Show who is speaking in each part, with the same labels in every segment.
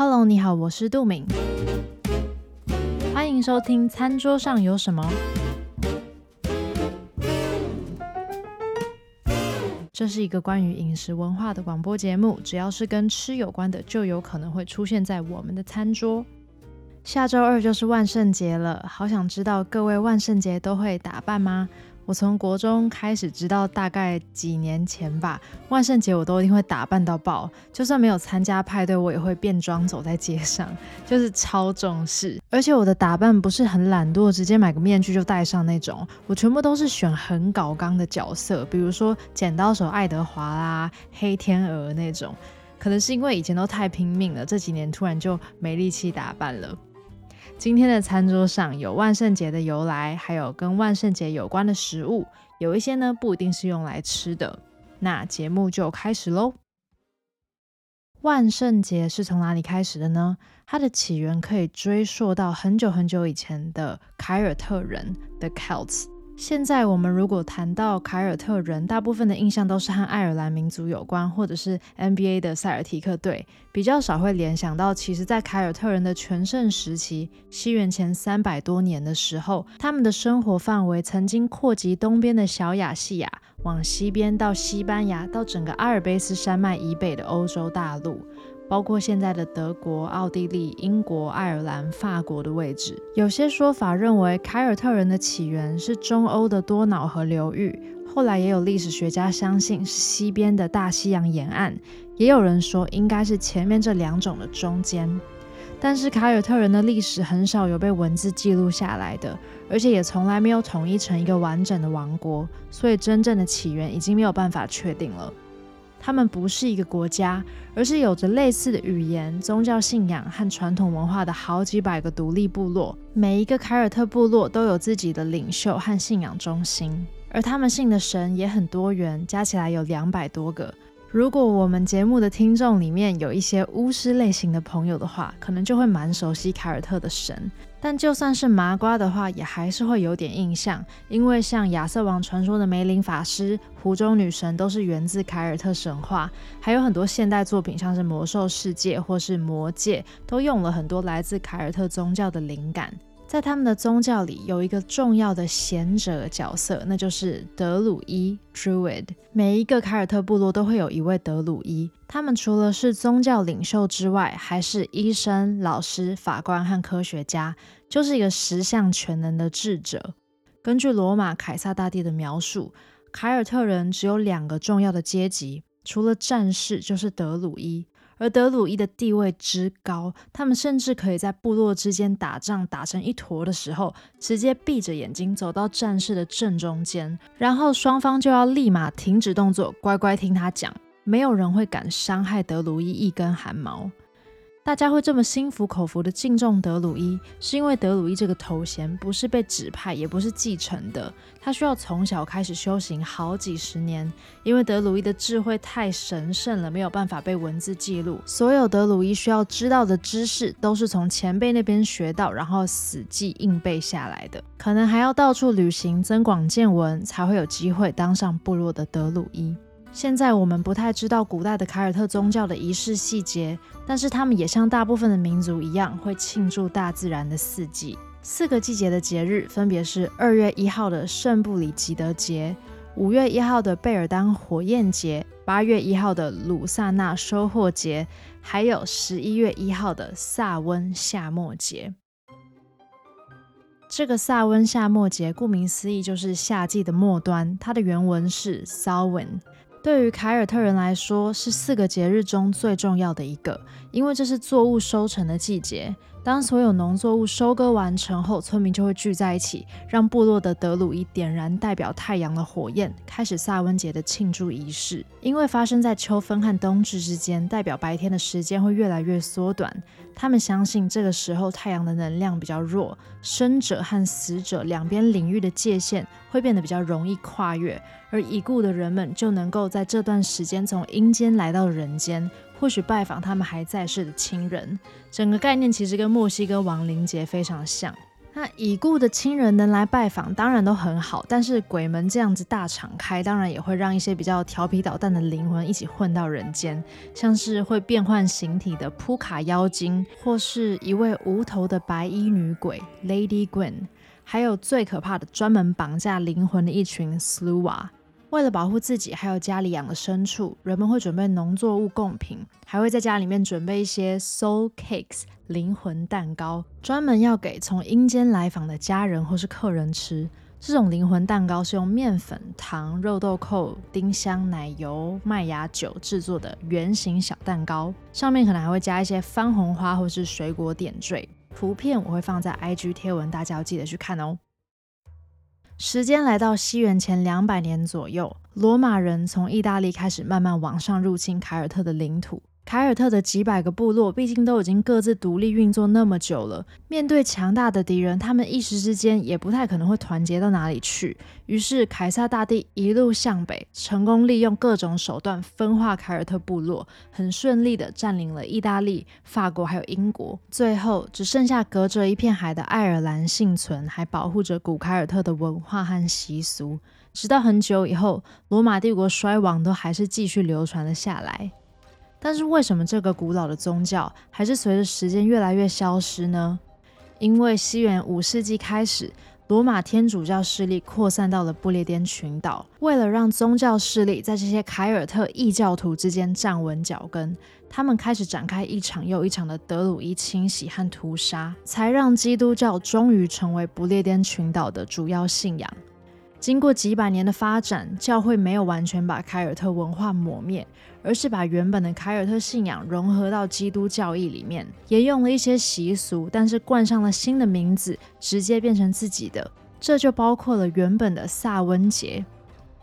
Speaker 1: Hello，你好，我是杜敏。歡迎收聽《餐桌上有什麼》。這是一個關於飲食文化的廣播節目，只要是跟吃有關的，就有可能會出現在我們的餐桌。下周二就是萬聖節了，好想知道各位萬聖節都會打扮嗎？我從國中開始，直到大概幾年前吧，萬聖節我都一定會打扮到爆，就算沒有參加派對，我也會變裝走在街上，就是超重視。而且我的打扮不是很懶惰，直接買個面具就戴上那種。我全部都是選很搞剛的角色，比如說剪刀手愛德華啦、啊、黑天鵝那種。可能是因為以前都太拼命了，這幾年突然就沒力氣打扮了。今天的餐桌上有萬聖節的由來，還有跟萬聖節有關的食物，有一些呢，不一定是用來吃的。那節目就開始嘍！萬聖節是從哪裡開始的呢？它的起源可以追溯到很久很久以前的凱爾特人，The Celts。The Celt. 現在我們如果談到凱爾特人，大部分的印象都是和愛爾蘭民族有關，或者是 NBA 的塞爾提克隊，比較少會聯想到。其實，在凱爾特人的全盛時期，西元前三百多年的時候，他們的生活範圍曾經擴及東邊的小亞細亞，往西邊到西班牙，到整個阿爾卑斯山脈以北的歐洲大陸。包括現在的德國、奧地利、英國、愛爾蘭、法國的位置。有些說法認為凱爾特人的起源是中歐的多瑙河流域，後來也有歷史學家相信是西邊的大西洋沿岸，也有人說應該是前面這兩種的中間。但是凱爾特人的歷史很少有被文字記錄下來的，而且也從來沒有統一成一個完整的王國，所以真正的起源已經沒有辦法確定了。他們不是一個國家，而是有着類似的語言、宗教信仰和傳統文化的好幾百個獨立部落。每一個凱爾特部落都有自己的領袖和信仰中心，而他們信的神也很多元，加起來有兩百多個。如果我們節目的聽眾裡面有一些巫師類型的朋友的話，可能就會蠻熟悉凱爾特的神。但就算是麻瓜的話，也還是會有點印象，因為像亞瑟王傳說的梅林法師、湖中女神都是源自凱爾特神話，還有很多現代作品，像是《魔獸世界》或是《魔戒》，都用了很多來自凱爾特宗教的靈感。在他們的宗教裡有一個重要的賢者的角色，那就是德魯伊 （Druid）。每一個凱爾特部落都會有一位德魯伊，他們除了是宗教領袖之外，還是醫生、老師、法官和科學家，就是一個十項全能的智者。根據羅馬凱撒大帝的描述，凱爾特人只有兩個重要的階級，除了戰士就是德魯伊。而德魯伊的地位之高，他們甚至可以在部落之間打仗打成一坨的時候，直接閉着眼睛走到戰士的正中間，然後雙方就要立馬停止動作，乖乖聽他講，沒有人會敢傷害德魯伊一根汗毛。大家會這麼心服口服地敬重德魯伊，是因為德魯伊這個頭銜不是被指派，也不是繼承的，他需要從小開始修行好幾十年。因為德魯伊的智慧太神聖了，沒有辦法被文字記錄。所有德魯伊需要知道的知識，都是從前輩那邊學到，然後死記硬背下來的。可能還要到處旅行，增廣見聞，才會有機會當上部落的德魯伊。現在我們不太知道古代的凱爾特宗教的儀式細節，但是他們也像大部分的民族一樣，會慶祝大自然的四季。四個季節的節日分別是二月一號的聖布里吉德節、五月一號的貝爾丹火焰節、八月一號的魯薩納收穫節，還有十一月一號的薩溫夏末節。這個薩溫夏末節，顧名思義就是夏季的末端，它的原文是 Sawen。對於凱爾特人來說，是四個節日中最重要的一個，因為這是作物收成的季節。當所有農作物收割完成後，村民就會聚在一起，讓部落的德魯伊點燃代表太陽的火焰，開始薩溫節的慶祝儀式。因為發生在秋分和冬至之間，代表白天的時間會越來越縮短。他們相信這個時候太陽的能量比較弱，生者和死者兩邊領域的界限會變得比較容易跨越，而已故的人們就能夠在這段時間從陰間來到人間。或許拜訪他們還在世的親人，整個概念其實跟墨西哥亡靈節非常像。那已故的親人能來拜訪，當然都很好。但是鬼門這樣子大敞開，當然也會讓一些比較調皮搗蛋的靈魂一起混到人間，像是會變換形體的撲卡妖精，或是一位無頭的白衣女鬼 Lady Gwen，還有最可怕的專門綁架靈魂的一群 Sluagh。為了保護自己，還有家裡養的牲畜，人們會準備農作物供品，還會在家裡面準備一些 soul cakes 靈魂蛋糕，專門要給從陰間來訪的家人或是客人吃。這種靈魂蛋糕是用麵粉、糖、肉豆蔻、丁香、奶油、麥芽酒製作的圓形小蛋糕，上面可能還會加一些番紅花或是水果點綴。圖片我會放在 IG 貼文，大家要記得去看哦。時間來到西元前兩百年左右，羅馬人從意大利開始慢慢往上入侵凱爾特的領土。凱爾特的幾百個部落，畢竟都已經各自獨立運作那麼久了，面對強大的敵人，他們一時之間也不太可能會團結到哪裡去。於是，凱撒大帝一路向北，成功利用各種手段分化凱爾特部落，很順利地占領了意大利、法國還有英國。最後，只剩下隔着一片海的愛爾蘭幸存，還保護着古凱爾特的文化和習俗，直到很久以後，羅馬帝國衰亡，都還是繼續流傳了下來。但是為什麼這個古老的宗教還是隨着時間越來越消失呢？因為西元五世紀開始，羅馬天主教勢力擴散到了不列顛群島。為了讓宗教勢力在這些凱爾特異教徒之間站穩腳跟，他們開始展開一場又一場的德魯伊清洗和屠殺，才讓基督教終於成為不列顛群島的主要信仰。經過幾百年的發展，教會沒有完全把凱爾特文化抹滅，而是把原本的凱爾特信仰融合到基督教義裡面，也用了一些習俗，但是冠上了新的名字，直接變成自己的。這就包括了原本的薩溫節。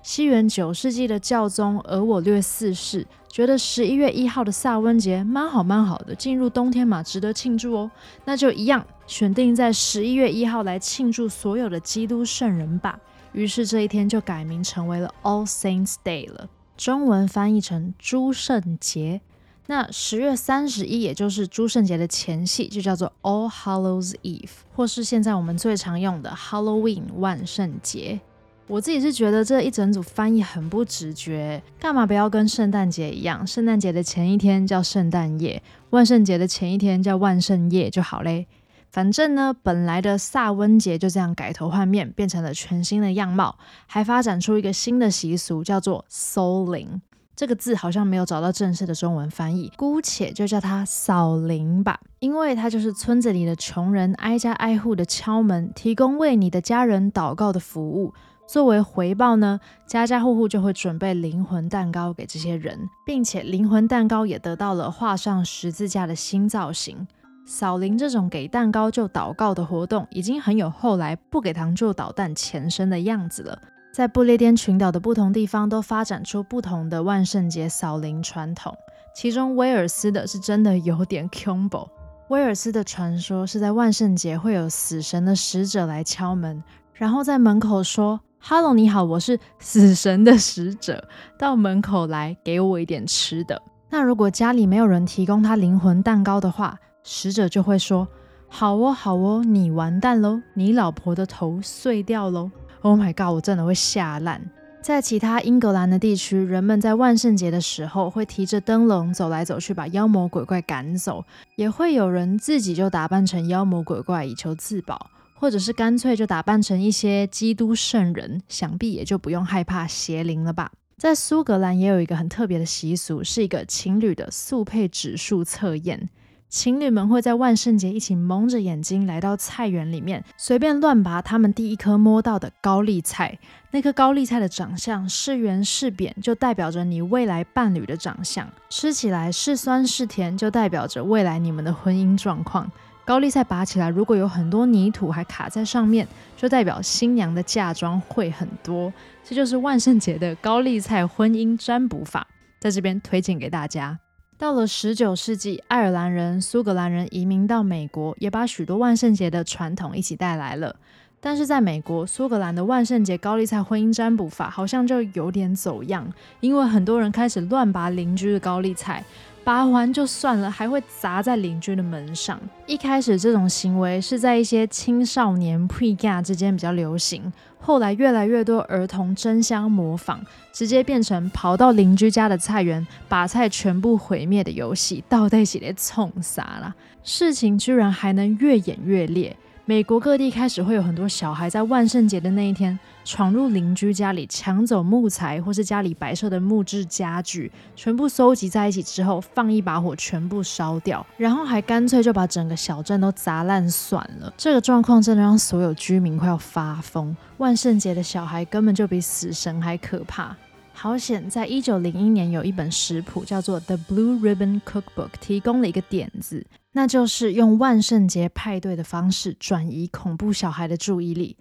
Speaker 1: 西元九世紀的教宗額我略四世覺得十一月一號的薩溫節蠻好蠻好的，進入冬天嘛，值得慶祝哦。那就一樣，選定在十一月一號來慶祝所有的基督聖人吧。於是這一天就改名成為了 All Saints Day 了，中文翻譯成諸聖節。那十月三十一，也就是諸聖節的前夕，就叫做 All Hallows Eve，或是現在我們最常用的 Halloween 萬聖節。我自己是覺得這一整組翻譯很不直覺，幹嘛不要跟聖誕節一樣？聖誕節的前一天叫聖誕夜，萬聖節的前一天叫萬聖夜就好嘞。反正呢，本來的薩溫節就這樣改頭換面，變成了全新的樣貌，還發展出一個新的習俗，叫做 Souling。這個字好像沒有找到正式的中文翻譯，姑且就叫它掃靈吧。因為它就是村子裡的窮人挨家挨戶的敲門，提供為你的家人禱告的服務。作為回報呢，家家戶戶就會準備靈魂蛋糕給這些人，並且靈魂蛋糕也得到了畫上十字架的新造型。掃林這種給蛋糕就禱告的活動，已經很有後來不給糖就搗蛋前身的樣子了。在不列顛群島的不同地方，都發展出不同的萬聖節掃林傳統。其中威爾斯的是真的有點恐怖。威爾斯的傳說是在萬聖節會有死神的使者來敲門，然後在門口說：“哈嘍，你好，我是死神的使者，到門口來給我一點吃的。”那如果家裡沒有人提供他靈魂蛋糕的話，使者就會說：“好哦，好哦，你完蛋嘍，你老婆的頭碎掉嘍！Oh my god，我真的會嚇爛。”在其他英格蘭的地區，人們在萬聖節的時候會提着燈籠走來走去，把妖魔鬼怪趕走；也會有人自己就打扮成妖魔鬼怪以求自保，或者是乾脆就打扮成一些基督聖人，想必也就不用害怕邪靈了吧。在蘇格蘭也有一個很特別的習俗，是一個情侶的速配指數測驗。情侶們會在萬聖節一起蒙着眼睛來到菜園裡面，隨便亂拔他們第一顆摸到的高麗菜。那顆高麗菜的長相是圓是扁，就代表着你未來伴侶的長相；吃起來是酸是甜，就代表着未來你們的婚姻狀況。高麗菜拔起來如果有很多泥土還卡在上面，就代表新娘的嫁妝會很多。這就是萬聖節的高麗菜婚姻占卜法，在這邊推薦給大家。到了十九世紀，愛爾蘭人、蘇格蘭人移民到美國，也把許多萬聖節的傳統一起帶來了。但是在美國，蘇格蘭的萬聖節高麗菜婚姻占卜法好像就有點走樣，因為很多人開始亂拔鄰居的高麗菜。拔完就算了，還會砸在鄰居的門上。一開始這種行為是在一些青少年 pre-teen 之間比較流行，後來越來越多兒童爭相模仿，直接變成跑到鄰居家的菜園，把菜全部毀滅的遊戲，到底是在衝啥了？事情居然還能越演越烈。美國各地開始會有很多小孩在萬聖節的那一天闖入鄰居家裡，搶走木材或是家裡白色的木質家具，全部收集在一起之後放一把火，全部燒掉，然後還乾脆就把整個小鎮都砸爛算了。這個狀況真的讓所有居民快要發瘋。萬聖節的小孩根本就比死神還可怕。好險，在一九零一年有一本食譜叫做《The Blue Ribbon Cookbook》，提供了一個點子，那就是用萬聖節派對的方式轉移恐怖小孩的注意力。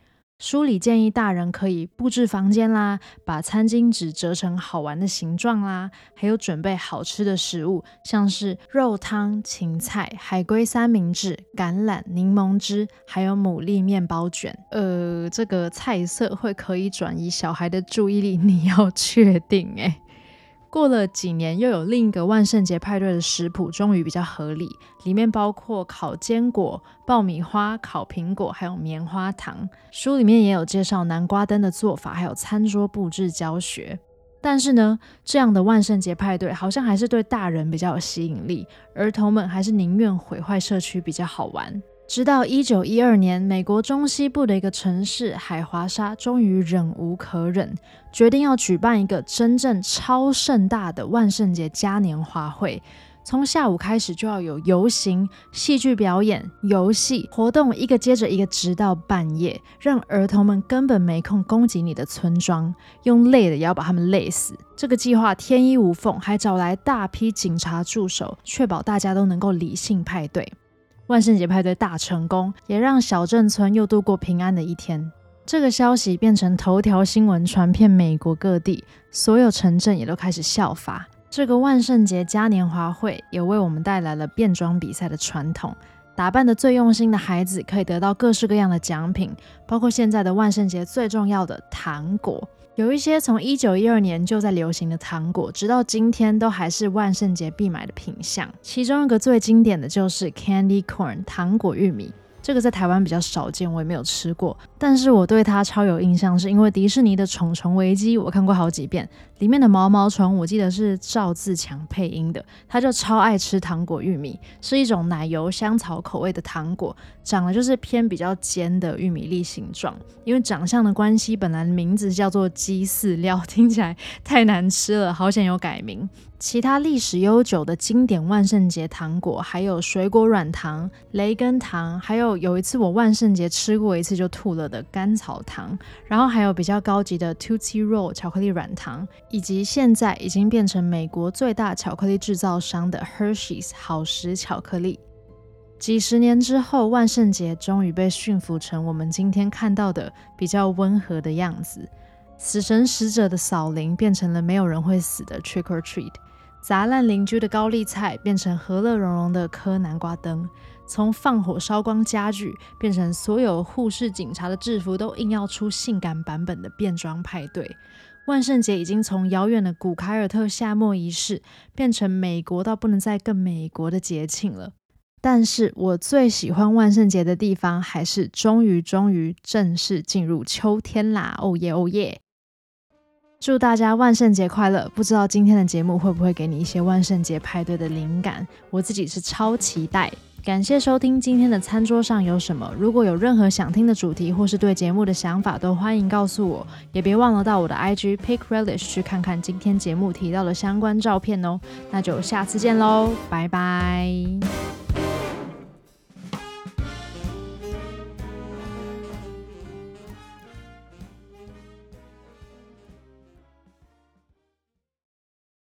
Speaker 1: 書裡建議大人可以佈置房間啦，把餐巾紙摺成好玩的形狀啦，還有準備好吃的食物，像是肉湯、芹菜、海龜三明治、橄欖、檸檬汁，還有牡蠣麵包捲。呃，這個菜色會可以轉移小孩的注意力，你要確定欸。過了幾年，又有另一個萬聖節派對的食譜，終於比較合理，裡面包括烤堅果、爆米花、烤蘋果，還有棉花糖。書裡面也有介紹南瓜燈的做法，還有餐桌布置教學。但是呢，這樣的萬聖節派對好像還是對大人比較有吸引力，兒童們還是寧願毀壞社區比較好玩。直到一九一二年，美國中西部的一個城市海華沙終於忍無可忍，決定要舉辦一個真正超盛大的萬聖節嘉年華會。從下午開始就要有遊行、戲劇表演、遊戲活動，一個接着一個，直到半夜，讓兒童們根本沒空攻擊你的村莊，用累的也要把他們累死。這個計劃天衣無縫，還找來大批警察駐守，確保大家都能夠理性派對。萬聖節派對大成功，也讓小鎮村又度過平安的一天。這個消息變成頭條新聞，傳遍美國各地，所有城鎮也都開始效法。這個萬聖節嘉年華會也為我們帶來了變裝比賽的傳統，打扮得最用心的孩子可以得到各式各樣的獎品，包括現在的萬聖節最重要的糖果。有一些從一九一二年就在流行的糖果，直到今天都還是萬聖節必買的品項。其中一個最經典的就是 Candy Corn 糖果玉米。這個在台灣比較少見，我也沒有吃過，但是我對它超有印象，是因為迪士尼的《蟲蟲危機》，我看過好幾遍，裡面的毛毛蟲我記得是趙自強配音的，他就超愛吃糖果玉米，是一種奶油香草口味的糖果，長得就是偏比較尖的玉米粒形狀，因為長相的關係，本來名字叫做雞飼料，聽起來太難吃了，好險有改名。其他歷史悠久的經典萬聖節糖果，還有水果軟糖、雷根糖，還有有一次我萬聖節吃過一次就吐了的甘草糖，然後還有比較高級的 Tootsie Roll 巧克力軟糖，以及現在已經變成美國最大巧克力製造商的 Hershey's 好時巧克力。幾十年之後，萬聖節終於被馴服成我們今天看到的比較溫和的樣子，死神使者的掃靈變成了沒有人會死的 Trick or Treat。砸爛鄰居的高麗菜，變成和樂融融的刻南瓜燈；從放火燒光家具，變成所有護士、警察的制服都硬要出性感版本的變裝派對。萬聖節已經從遙遠的古凱爾特夏末儀式，變成美國到不能再更美國的節慶了。但是我最喜歡萬聖節的地方，還是終於終於正式進入秋天啦！哦耶哦耶！祝大家萬聖節快樂！不知道今天的節目會不會給你一些萬聖節派對的靈感，我自己是超期待。感謝收聽今天的《餐桌上有什麼》。如果有任何想聽的主題或是對節目的想法，都歡迎告訴我。也別忘了到我的 IG @pickrelish 去看看今天節目提到的相關照片喔。那就下次見嘍，拜拜。